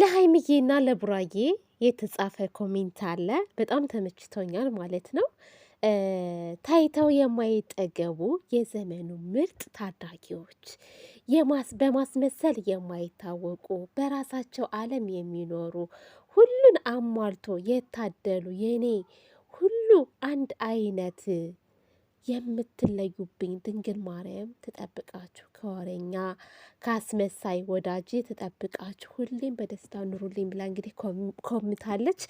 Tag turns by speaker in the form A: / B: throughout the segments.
A: ለሀይሚዬና ለቡራዬ የተጻፈ ኮሜንት አለ። በጣም ተመችቶኛል ማለት ነው። ታይተው የማይጠገቡ የዘመኑ ምርጥ ታዳጊዎች፣ በማስመሰል የማይታወቁ በራሳቸው ዓለም የሚኖሩ ሁሉን አሟልቶ የታደሉ የኔ ሁሉ አንድ አይነት የምትለዩብኝ ድንግል ማርያም ትጠብቃችሁ፣ ከወሬኛ ከአስመሳይ ወዳጅ ትጠብቃችሁ፣ ሁሌም በደስታ ኑሩልኝ ብላ እንግዲህ ኮምታለች።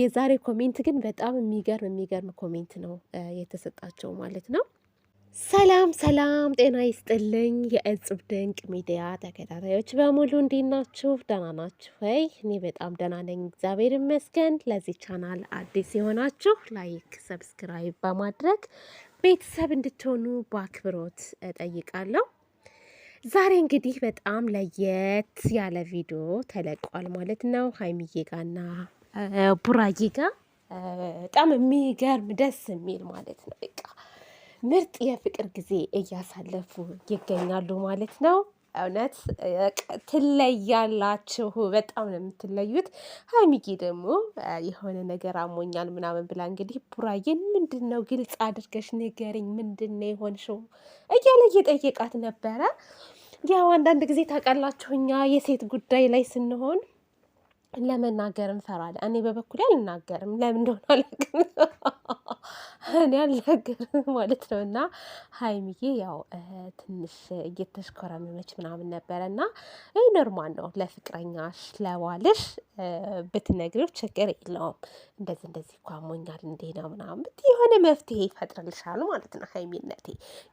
A: የዛሬ ኮሜንት ግን በጣም የሚገርም የሚገርም ኮሜንት ነው የተሰጣቸው ማለት ነው። ሰላም ሰላም፣ ጤና ይስጥልኝ የእጽብ ድንቅ ሚዲያ ተከታታዮች በሙሉ እንዴት ናችሁ? ደህና ናችሁ ወይ? እኔ በጣም ደህና ነኝ፣ እግዚአብሔር ይመስገን። ለዚህ ቻናል አዲስ የሆናችሁ ላይክ፣ ሰብስክራይብ በማድረግ ቤተሰብ እንድትሆኑ በአክብሮት እጠይቃለሁ። ዛሬ እንግዲህ በጣም ለየት ያለ ቪዲዮ ተለቋል ማለት ነው። ሀይሚዬ ጋና ቡራዬ ጋ በጣም የሚገርም ደስ የሚል ማለት ነው። በቃ ምርጥ የፍቅር ጊዜ እያሳለፉ ይገኛሉ ማለት ነው። እውነት ትለያላችሁ። በጣም ነው የምትለዩት። ሀይሚጌ ደግሞ የሆነ ነገር አሞኛል ምናምን ብላ እንግዲህ ቡራዬን ምንድን ነው ግልጽ አድርገሽ ንገርኝ፣ ምንድን ነው የሆንሽው እያለ እየጠየቃት ነበረ። ያው አንዳንድ ጊዜ ታውቃላችሁ እኛ የሴት ጉዳይ ላይ ስንሆን ለመናገር እንፈራለን። እኔ በበኩሌ አልናገርም። ለምን እንደሆነ አላውቅም። እኔ አልናገርም ማለት ነው። እና ሀይሚዬ ያው ትንሽ እየተሽኮረመመች ምናምን ነበረ እና ይህ ኖርማል ነው። ለፍቅረኛሽ ለባልሽ ብትነግሪው ችግር የለውም። እንደዚህ እንደዚህ እኮ አሞኛል እንዴ ነው ምናምን የሆነ መፍትሄ ይፈጥርልሻል ማለት ነው። ሀይሚነቴ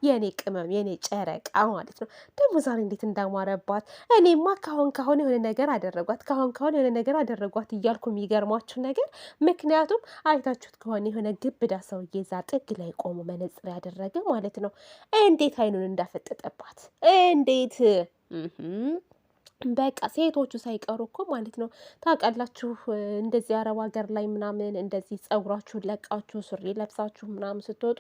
A: የእኔ ቅመም የእኔ ጨረቃ ማለት ነው። ደግሞ ዛሬ እንዴት እንዳማረባት እኔማ ካሁን ካሁን የሆነ ነገር አደረጓት፣ ካሁን ካሁን የሆነ ነገር አደረጓት እያልኩ የሚገርማችሁ ነገር ምክንያቱም አይታችሁት ከሆነ የሆነ ግብዳ ሰውዬ የዛ ጥግ ላይ ቆሞ መነጽር ያደረገ ማለት ነው። እንዴት አይኑን እንዳፈጠጠባት እንዴት በቃ ሴቶቹ ሳይቀሩ እኮ ማለት ነው። ታውቃላችሁ እንደዚህ አረብ ሀገር ላይ ምናምን እንደዚህ ጸጉራችሁን ለቃችሁ ሱሪ ለብሳችሁ ምናምን ስትወጡ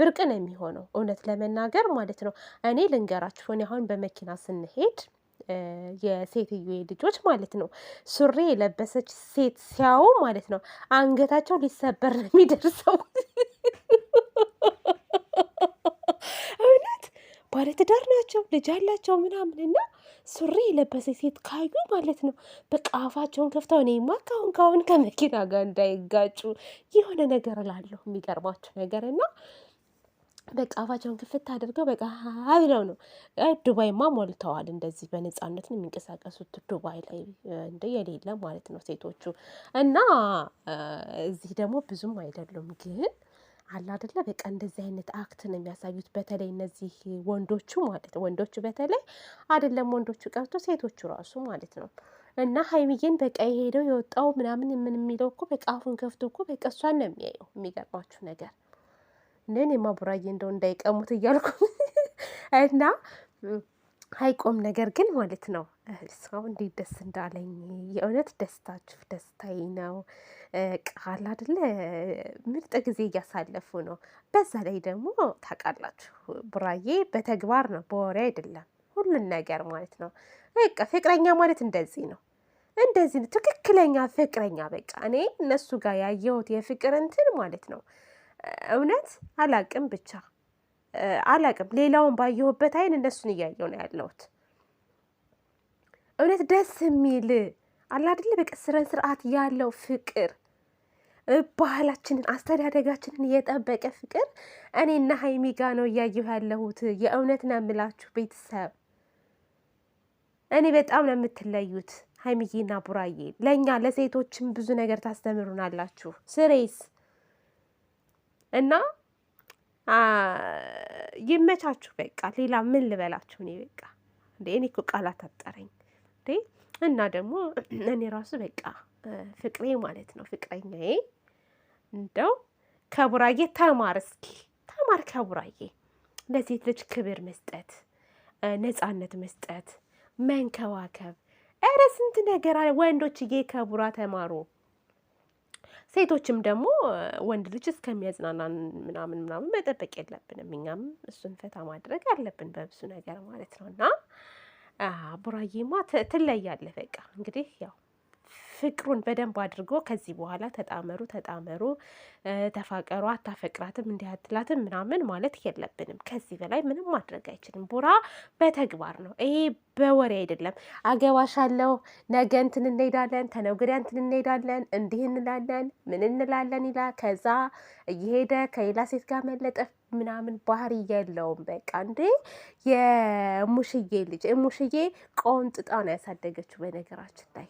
A: ብርቅ ነው የሚሆነው እውነት ለመናገር ማለት ነው። እኔ ልንገራችሁ፣ እኔ አሁን በመኪና ስንሄድ የሴትዮ ልጆች ማለት ነው ሱሪ የለበሰች ሴት ሲያዩ ማለት ነው አንገታቸው ሊሰበር ነው የሚደርሰው። እውነት ባለትዳር ናቸው፣ ልጅ አላቸው ምናምንና ሱሪ የለበሰ ሴት ካዩ ማለት ነው በቃ አፋቸውን ከፍተው እኔማ ካሁን ካሁን ከመኪና ጋር እንዳይጋጩ የሆነ ነገር እላለሁ። የሚገርማቸው ነገር እና በቃ አፋቸውን ክፍት አድርገው በቃ ብለው ነው። ዱባይማ ሞልተዋል። እንደዚህ በነፃነት ነው የሚንቀሳቀሱት ዱባይ ላይ እንደ የሌለ ማለት ነው ሴቶቹ እና እዚህ ደግሞ ብዙም አይደሉም ግን አለ አደለ? በቃ እንደዚህ አይነት አክት ነው የሚያሳዩት። በተለይ እነዚህ ወንዶቹ ማለት ወንዶቹ በተለይ አይደለም ወንዶቹ ቀርቶ ሴቶቹ ራሱ ማለት ነው። እና ሀይሚዬን በቃ የሄደው የወጣው ምናምን የምን የሚለው እኮ በቃ አፉን ከፍቶ እኮ በቃ እሷን ነው የሚያየው። የሚገርማችሁ ነገር እኔን የማቡራዬ እንደው እንዳይቀሙት እያልኩ እና አይቆም ነገር ግን ማለት ነው። ሰው እንዴት ደስ እንዳለኝ የእውነት ደስታችሁ ደስታዬ ነው። ቃል አደለ ምርጥ ጊዜ እያሳለፉ ነው። በዛ ላይ ደግሞ ታውቃላችሁ ቡራዬ በተግባር ነው በወሬ አይደለም ሁሉን ነገር ማለት ነው። በቃ ፍቅረኛ ማለት እንደዚህ ነው እንደዚህ ነው ትክክለኛ ፍቅረኛ። በቃ እኔ እነሱ ጋር ያየሁት የፍቅር እንትን ማለት ነው እውነት አላቅም ብቻ አላቅም። ሌላውን ባየሁበት አይን እነሱን እያየው ነው ያለሁት። እውነት ደስ የሚል አላድል በቃ ስረን ስርዓት ያለው ፍቅር ባህላችንን አስተዳደጋችንን የጠበቀ ፍቅር እኔና ሀይሚ ጋ ነው እያየሁ ያለሁት። የእውነት ነው የምላችሁ ቤተሰብ፣ እኔ በጣም ነው የምትለዩት። ሀይሚዬና ቡራዬ ለእኛ ለሴቶችም ብዙ ነገር ታስተምሩናላችሁ። ስሬስ እና ይመቻችሁ። በቃ ሌላ ምን ልበላችሁ? እኔ በቃ እንዴ እኔ እኮ ቃላት አጠረኝ እንዴ። እና ደግሞ እኔ ራሱ በቃ ፍቅሬ ማለት ነው ፍቅረኛዬ፣ እንደው ከቡራዬ ተማር እስኪ ተማር ከቡራዬ። ለሴት ልጅ ክብር መስጠት፣ ነፃነት መስጠት፣ መንከባከብ፣ ኧረ ስንት ነገር ወንዶችዬ፣ ከቡራ ተማሩ። ሴቶችም ደግሞ ወንድ ልጅ እስከሚያጽናናን ምናምን ምናምን መጠበቅ የለብንም። እኛም እሱን ፈታ ማድረግ አለብን በብዙ ነገር ማለት ነው። እና ቡራዬማ ትለያለህ። በቃ እንግዲህ ያው ፍቅሩን በደንብ አድርጎ ከዚህ በኋላ ተጣመሩ ተጣመሩ፣ ተፋቀሩ፣ አታፈቅራትም እንዲያትላትም ምናምን ማለት የለብንም። ከዚህ በላይ ምንም ማድረግ አይችልም። ቡራ በተግባር ነው ይሄ በወሬ አይደለም። አገባሻለሁ፣ ነገ እንትን እንሄዳለን፣ ተነግሪያ እንትን እንሄዳለን፣ እንዲህ እንላለን፣ ምን እንላለን ይላል። ከዛ እየሄደ ከሌላ ሴት ጋር መለጠፍ ምናምን ባህሪ የለውም። በቃ እንዴ የሙሽዬ ልጅ ሙሽዬ ቆንጥጣ ነው ያሳደገችው በነገራችን ላይ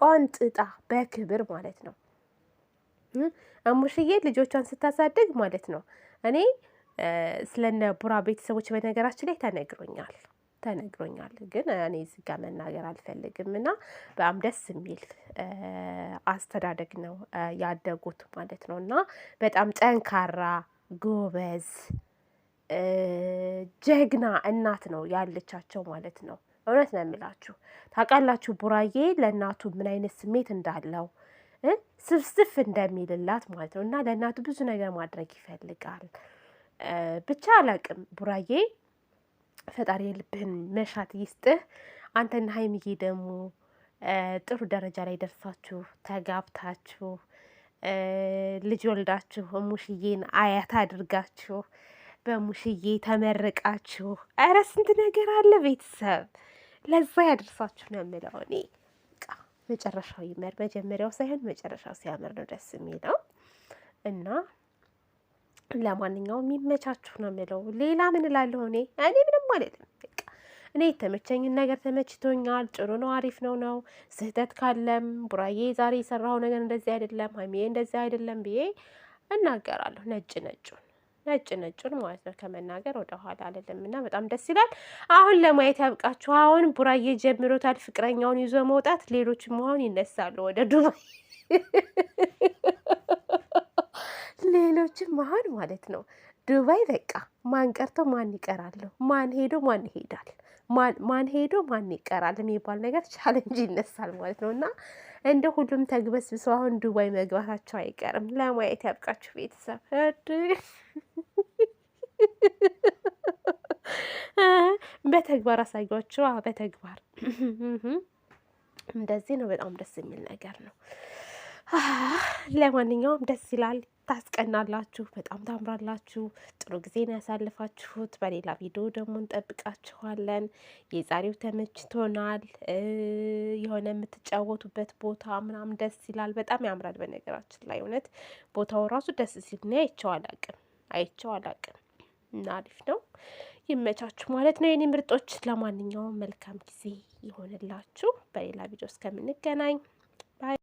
A: ቆንጥጣ በክብር ማለት ነው። አሙሽዬ ልጆቿን ስታሳድግ ማለት ነው። እኔ ስለነ ቡራ ቤተሰቦች በነገራችን ላይ ተነግሮኛል ተነግሮኛል ግን እኔ እዚህ ጋር መናገር አልፈልግም። እና በጣም ደስ የሚል አስተዳደግ ነው ያደጉት ማለት ነው። እና በጣም ጠንካራ ጎበዝ፣ ጀግና እናት ነው ያለቻቸው ማለት ነው። እውነት ነው የምላችሁ። ታውቃላችሁ ቡራዬ ለእናቱ ምን አይነት ስሜት እንዳለው ስፍስፍ እንደሚልላት ማለት ነው። እና ለእናቱ ብዙ ነገር ማድረግ ይፈልጋል። ብቻ አላቅም ቡራዬ፣ ፈጣሪ የልብህን መሻት ይስጥህ። አንተና ሀይምዬ ደግሞ ጥሩ ደረጃ ላይ ደርሳችሁ ተጋብታችሁ ልጅ ወልዳችሁ ሙሽዬን አያት አድርጋችሁ በሙሽዬ ተመርቃችሁ፣ ኧረ ስንት ነገር አለ ቤተሰብ ለዛ ያደርሳችሁ ነው የምለው እኔ። መጨረሻው ይመር፣ መጀመሪያው ሳይሆን መጨረሻው ሲያምር ነው ደስ የሚለው እና ለማንኛውም የሚመቻችሁ ነው የምለው። ሌላ ምን እላለሁ እኔ እኔ ምንም አልልም። እኔ የተመቸኝን ነገር ተመችቶኛል። ጭሩ ነው፣ አሪፍ ነው ነው ስህተት ካለም ቡራዬ ዛሬ የሰራው ነገር እንደዚህ አይደለም፣ ሀይሚዬ እንደዚህ አይደለም ብዬ እናገራለሁ። ነጭ ነጩን ነጭ ነጩን ማለት ነው ከመናገር ወደ ኋላ አይደለም እና በጣም ደስ ይላል። አሁን ለማየት ያብቃችሁ። አሁን ቡራዬ ጀምሮታል ፍቅረኛውን ይዞ መውጣት። ሌሎችም አሁን ይነሳሉ ወደ ዱባይ፣ ሌሎችም አሁን ማለት ነው ዱባይ በቃ ማን ቀርቶ ማን ይቀራል? ማን ሄዶ ማን ይሄዳል? ማን ሄዶ ማን ይቀራል የሚባል ነገር ቻለንጅ ይነሳል ማለት ነው እና እንደ ሁሉም ተግበስብሶ አሁን ዱባይ መግባታቸው አይቀርም። ለማየት ያብቃችሁ ቤተሰብ። በተግባር አሳያችሁ። በተግባር እንደዚህ ነው። በጣም ደስ የሚል ነገር ነው። ለማንኛውም ደስ ይላል፣ ታስቀናላችሁ፣ በጣም ታምራላችሁ። ጥሩ ጊዜ ነው ያሳልፋችሁት። በሌላ ቪዲዮ ደግሞ እንጠብቃችኋለን። የዛሬው ተመችቶናል። የሆነ የምትጫወቱበት ቦታ ምናምን ደስ ይላል፣ በጣም ያምራል። በነገራችን ላይ እውነት ቦታው ራሱ ደስ ሲል ነው። አይቼው አላቅም፣ አይቼው አላቅም። እና አሪፍ ነው። ይመቻችሁ ማለት ነው የኔ ምርጦች። ለማንኛውም መልካም ጊዜ ይሆንላችሁ። በሌላ ቪዲዮ እስከምንገናኝ